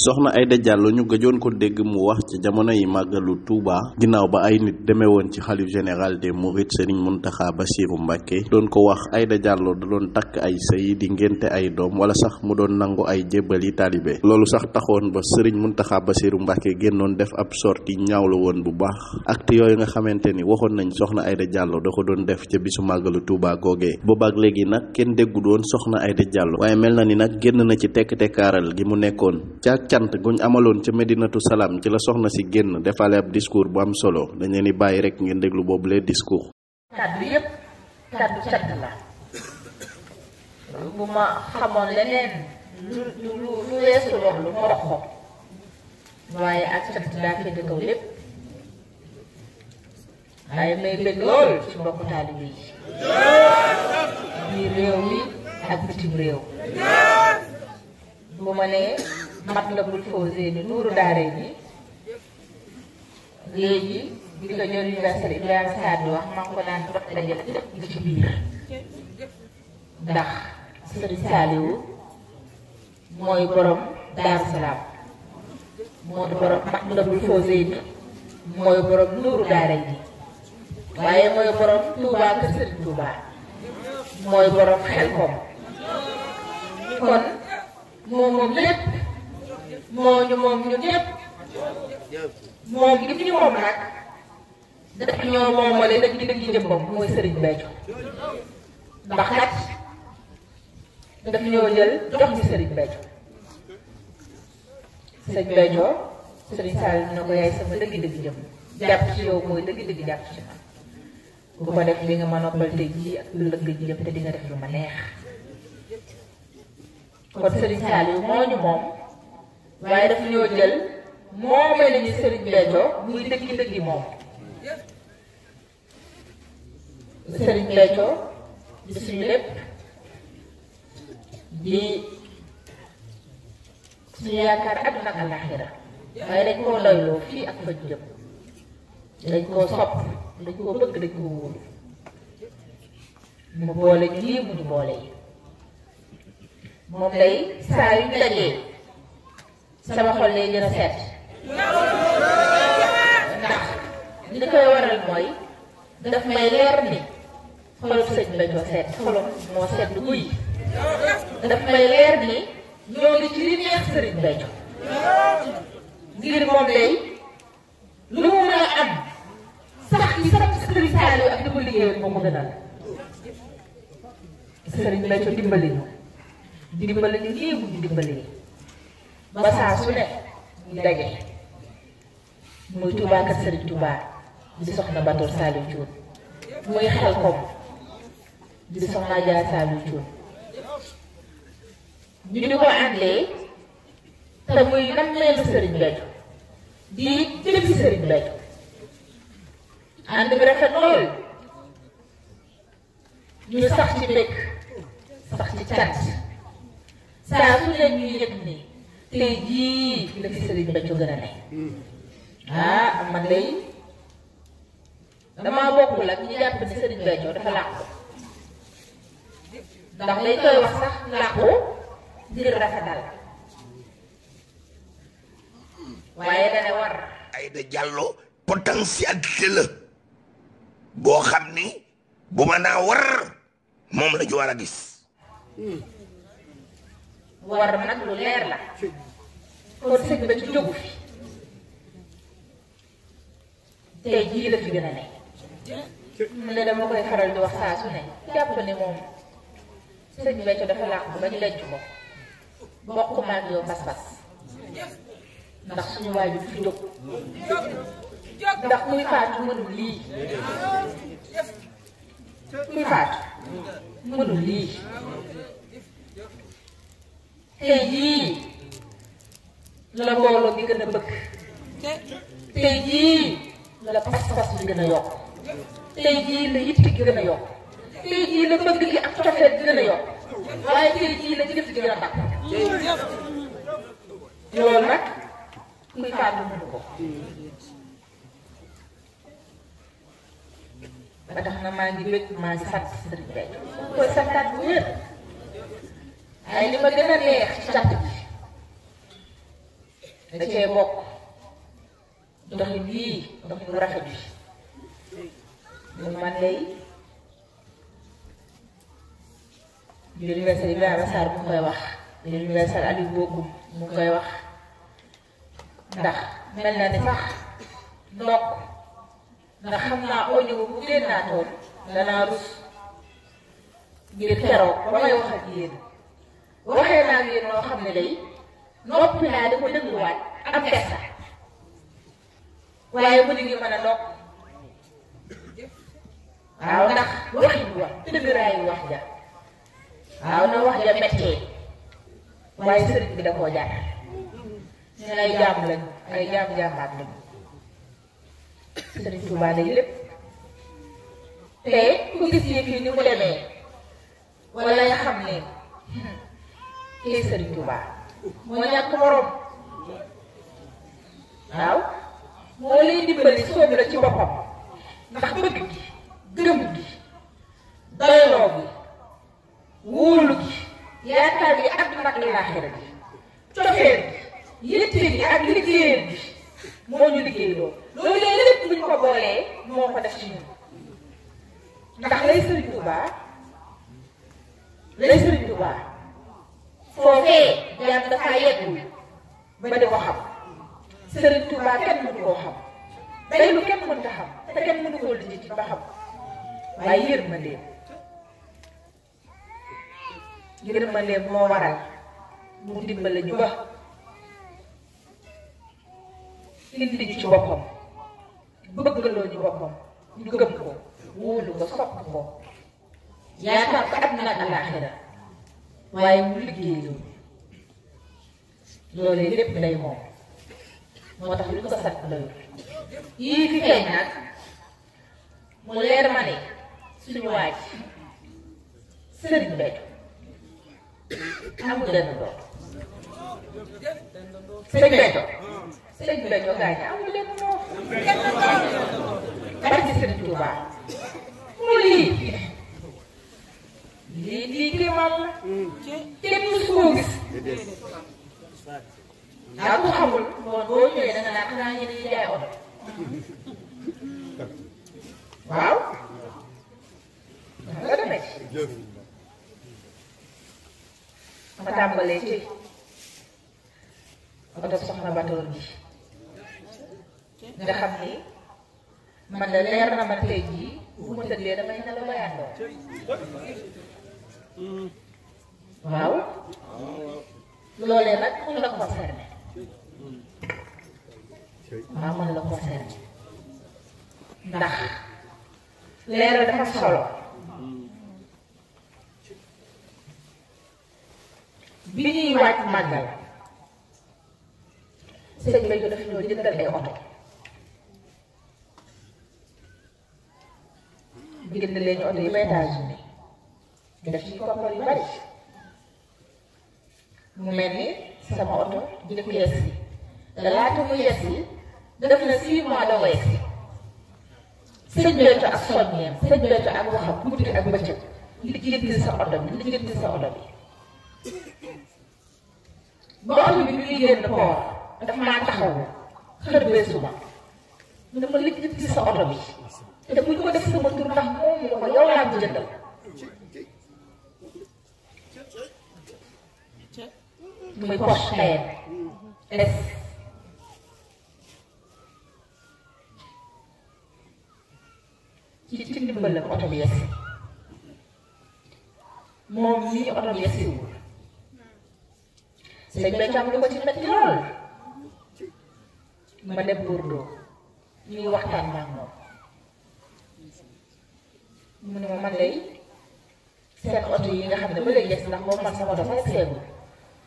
soxna Aïda Diallo ñu gëjoon ko dégg mu wax ca jamono yi màggalu tuuba ginnaaw ba ay nit demee woon ci xalif général des Mourides Serigne Mountakha Bassirou Mbacké doon ko wax Aïda Diallo da doon takk ay sëy di ngénte ay doom wala sax mu doon nangu ay jébbal yi taalibe loolu sax taxoon ba Serigne Mountakha Bassirou Mbacké génnoon def ab sort sortie la woon bu baax acte yooyu nga xamante ni waxoon nañ soxna Aïda Diallo da ko doon def ca bisu màggalu Touba googee boobaak léegi nag kenn déggu doon soxna Aïda Diallo waaye mel na ni nag génn na ci tekk gi mu nekkoon cant guñ amaloon ca Medinatu Salaam ci la soxna si génn defaale ab discours bu am solo dañ leen di bàyyi rek ngeen déglu boobu lee discours. kàddu yépp kàddu cant ko laa féete kaw lépp waaye may bëgg ci mbokku taalibe yi biir réew mi ak bitim réew bu ma nee Matlabul Fawzeyni nuuru daare ji léegi bi ko ñor universel Ibrahima Saad wax maa ngi ko daan dox dajale lépp ngi ci biir ndax sëriñ Saaliwu mooy borom Daaru Salaam mooy borom Matlabul Fawzeyni mooy borom nuuru daare ji waaye mooy borom Touba kër Sëriñ Touba mooy borom xel kom kon moom moom lépp moom ñu moom ñu ñëpp moom gi fi ñu moom nag dëkk ñoo mooy sëriñ Béthio ndax nag daf ñoo jël jox ñu sëriñ Béthio sëriñ Béthio sëriñ ko yaay sama dëgg dëgg jëm jàpp ci yow mooy dëgg dëgg jàpp ci man bu ko def li nga ma noppal te ji ak lu lëgg te di nga def lu ma neex kon sëriñ Sall yu moom waaye dafa ñoo jël moo mel ni sëriñ Béthio muy dëggi dëggi moom sëriñ Béthio di suñu lépp di suñu yaakaar àdduna ak àllaaxira waaye dañ koo doyloo fii ak fa jëm dañ koo sopp dañ koo bëgg dañ koo wóolu mu boole ñu boole yi moom day saa yu dajee sama xol lay gën a seet ndax li koy waral mooy daf may leer ni xolub sëñ ba ñoo seet xolub moo seet lu guy daf may leer ni ñoo ngi ci li neex sëriñ ba ñoo moom day lu mu mën am sax yi sax sëriñ Saaliw ak lii bu ñu dimbali ba saa su ne ñu daje muy Touba Kër Serigne Touba di soxna Batool Saliou Thioune muy xel koom di soxna Dia Saliou Thioune ñu di ko àndee te muy nammeelu Serigne Béthio di jëfi Serigne Béthio ànd bi rafet lool ñu sax ci mbëkk sax ci cant saa su ne ñuy yëg nii. tey jii la fi Serigne Bethio gën a ne ah man lay damaa bokkul ak ñi jàpp ne Serigne Bethio dafa làqu ndax dañ koy wax sax làqu ngir rafetal waaye dana war Aïda Diallo potentialité la boo xam ni bu ma naa war moom la war a gis hmm. war ma nag lu leer la kon sëñ ba ci jógu fi tey jii la fi gën a ne mu ne dama koy faral di wax saa su ne jàpp ne moom sëñ Béthio dafa làqu ba ñu denc ko bokk ma ak yow pas ndax suñu waajur fi jóg ndax muy faatu mënul lii muy faatu mënul lii tey jii la mbooloo bi gën a bëgg tey jii la pas-pas bi gën a yokk tey jii la yitt gi gën a yokk tey jii la bëgg gi ak cofeet gi gën a yokk waaye tey jii la jëf gi gën a bàq loolu nag kuy kàddu mënu ko ba tax na maa ngi bëgg maa ngi sant Serigne Gueye koy santaat bu wér waaye li ma gën a neex ci cant bi da cee bokk doxin yii doxin rafet bi man man day l'universel Ibrahima Sarr mu ngi koy wax l'universel Aliou Bokum mu ngi wax ndax mel na ni sax ndokk ndax xam naa au niveau bu génnaatoon danaa rus ngir keroog ba may wax ak yéen waxee naa yéen noo xam ne day noppi naa di ko dégluwaat am kersa waaye mu ngi mën a nopp waaw ndax waxin wax dëggraayu wax ja waaw na wax ja méttee waaye sëriñ bi da koo jaar ñun ay jaam lañ ay jaam jaamaat lañ sëriñ Tuubaa lépp te ku gis yëf yi ni mu demee wala ya xam ne hmm, kii Sëriñ Tuubaa moo ñàkk morom waaw moo lay dimbali soobu la ci boppam ndax bëgg gi gëm gi doyloo gi wóolu gi yaakaar gi àdduna ak gi cofeel gi yitte gi ak liggéeyam gi moo ñu liggéey loolu loolu lépp buñ ko moo ko def ci ñun ndax lay Sëriñ Tuubaa foofee yàlla dafaa yeggul ba di ko xam Sëriñ Tuubaa kenn mënu koo xam day lu kenn mënta xam te kenn mënu moo waral mu dimbale ñu ba indi ñu ci boppam bëggaloo ñu boppam ñu gëm ko wóolu ko sopp ko yaakaar ko àdduna ak àllaaxira waaye mu liggéey loolu loolu lépp lay moom moo tax lu ko sat doy yii fi feeñ nag mu leer ma ne suñu waaj sëriñ bi amul dënn doom sëñ Béthio sëñ Béthio gaa ñi amul dënn doom kenn doom barki sëriñ Tuubaa mu lii lii lii climat la. kenn mës koo gis. daa ko xamul kon boo ñëwee da nga naan xanaa ñu dañuy jaay oto. waaw. nga demee ci. ma tàmbalee ci oto soxna batoor bi nga xam ni man da leer na ma tey jii bu ma tëddee damay nelaw ba yàndoo waaw loolee nag man la concerné waaw man la concerné ndax leeral dafa solo bi ñuy waaj màggal sëñ Béthio daf ñoo jëndal ay oto jënd leen oto yi ba États-Unis def ci koppar yu bari mu mel ni sama oto njëkk yes yi te laata mu yes yi def na six mois de wees yi sëñ Béthio ak soññeem sëñ Béthio ak waxam guddi ak bëccëg lijjanti sa oto bi lijjanti sa oto bi ba oto bi ñuy génn koor daf maa taxaw xër bee suba dama lijjanti sa oto bi te bu ñu ko def sama tur ndax moomu ko yow laa ko jëndal muy poche xeer S ci ci ndimbalam oto bi yes moom mii oto bi yes yiwul sëñ ma dem Bordeaux ñuy waxtaan maa moom mu ne ma man lay seen oto yi nga xam ne ba lay yes ndax moom man sama oto sax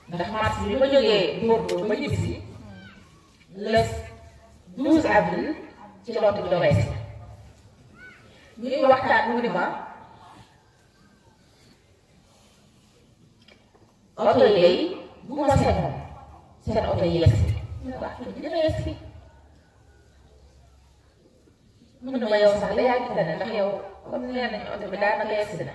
ndax mars bi ma jógee góorgóorlu ba ñibbi si le 12 avril ci lott bi doxee si ñuy waxtaan mu ni ma oto yi day bu ma sañoon seen si waaw ah, dina yegg si mun na ma yow sax la yaa gis ne ndax yow comme nee nañu oto bi daanaka yegg si